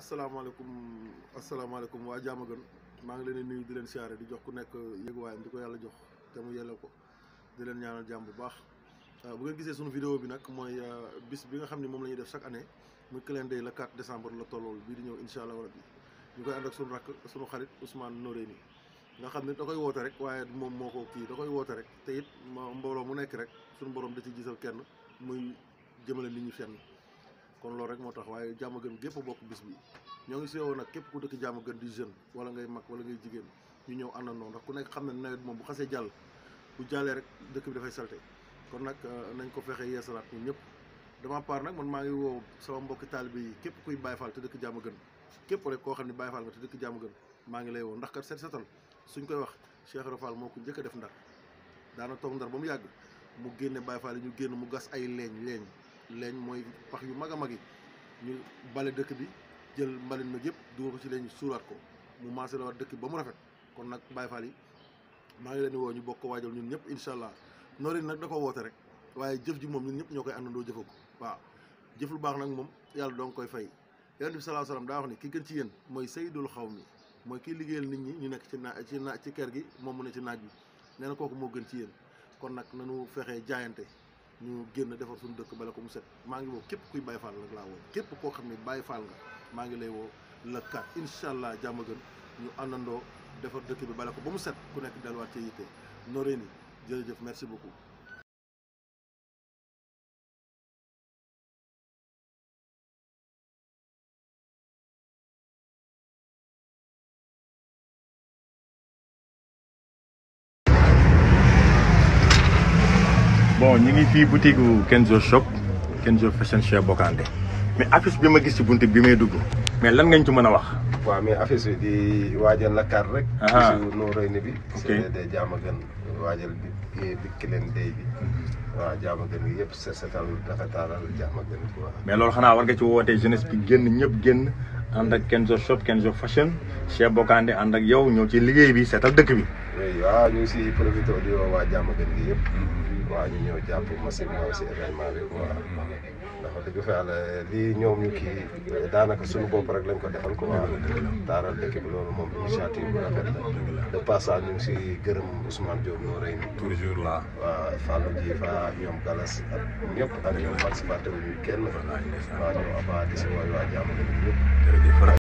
asalaamaaleykum asalaamaaleykum waa Diamaguène maa ngi leen di nuyu di leen siyaare di jox ku nekk yëguwaayam di ko yàlla jox te mu yelle ko di leen ñaanal jàmm bu baax ah, bu ngeen gisee suñu vidéo bi nag mooy ah, bis bi nga xam ne moom la ñuy def chaque année muy calendrier le 4 décembre la tollool bii di ñëw incha allah rabbi ñu koy ànd ak suñu rakk suñu xarit Ousmane Noreyni nga xam ne da koy woote rek waaye moom moo ko kii da koy woote rek te it mbooloo mu nekk rek suñu borom da ci gisal kenn muy jëmale nit ñi fenn kon loolu rek moo tax waaye jàmm gën gépp bokk bis bi ñoo ngi seewoo nag képp ku dëkk jàmm gën di jeune wala ngay mag wala ngay jigéen ñu ñëw àndandoo ndax ku nekk xam ne nawet moom bu xasee jàll bu jàllee rek dëkk bi dafay salte kon nag euh, nañ ko fexe yeesalaat ñun ñëpp dama part nag man maa ngi woo sama mbokki taalibe yi képp kuy Baay Faal te dëkk jàmm gën képp rek koo xam ne Baay Faal nga te dëkk jàmm gën maa ngi lay woo ndax kat set setal suñ koy wax Cheikh Ibra moo ko njëkk def ndar daana toog ndar ba mu yàgg mu génne Baay ñu génn mu gas ay leeñ leeñ leeñ mooy pax yu mag a mag yi ñu bale dëkk bi jël mbalit ma yëpp dugal ko ci leeñ suuraat ko mu maase la waat dëkk bi ba mu rafet kon nag Baye Fall yi maa ngi leen di woo ñu bokk ko waajal ñun ñëpp incha allah norin nag da ko woote rek waaye jëf ji moom ñun ñëpp ñoo koy àndandoo jëfa ko waaw jëf lu baax nag moom yàlla doo koy fay yonent salaa salaam daa ne ki gën ci yéen mooy sayyidul xawmi mooy kii liggéeyal nit ñi ñu nekk ci naa ci naa ci kër gi moom mu ne ci naaj bi nee na kooku moo gën ci yéen kon nag nanu fexee jaayante ñu génn defar suñu dëkk bala ko mu set maa ngi woo képp kuy Baye Fall nag laa woo képp koo xam ne Baye faal nga maa ngi lay woo le 4 incha allah jàmm gën ñu àndandoo defar dëkk bi bala ko ba mu set ku nekk delluwaat ci yitte noré ni jërëjëf merci beaucoup bon ñu ngi fii boutique gu Kenzo shop Kenzo fashion chez Bokande mais affiche bi ma gis ci bunt bi may dugg. mais lan ngañ ci mën a wax. waaw mais affiche bi di waajal la kar rek. Ah. bisu Noreyni bi. ok day jaam a gën waajal bi bi ki leen day bi. Mhm. waaw jaam a gën gi yëpp setal dafa taalal jaam a gën mais loolu xanaa war nga ci wootee jeunesse bi génn ñëpp génn ànd ak Kenzo shop Kenzo fashion chez Bokande ànd ak yow ñëw ci liggéey bi setal dëkk bi. oui waaw ñu ngi siy di waa jaam a gën gi yëpp. Mhm. waaw ñu ñëw jàpp massivement si événement bi quoi ndax dëgg fa yàlla lii ñoom ñu kii daanaka suñu bopp rek lañ ko defal quoi taaral dëkk bi loolu moom initiative bu rafet la de passage ñu ngi si gërëm Ousmane Diop noo rëy toujours la waaw Fallou Djifa ñoom Galas ak ñëpp ak ñoom participateur yu kenn waaw ñoom Abba di si mooy waa jàmm ñëpp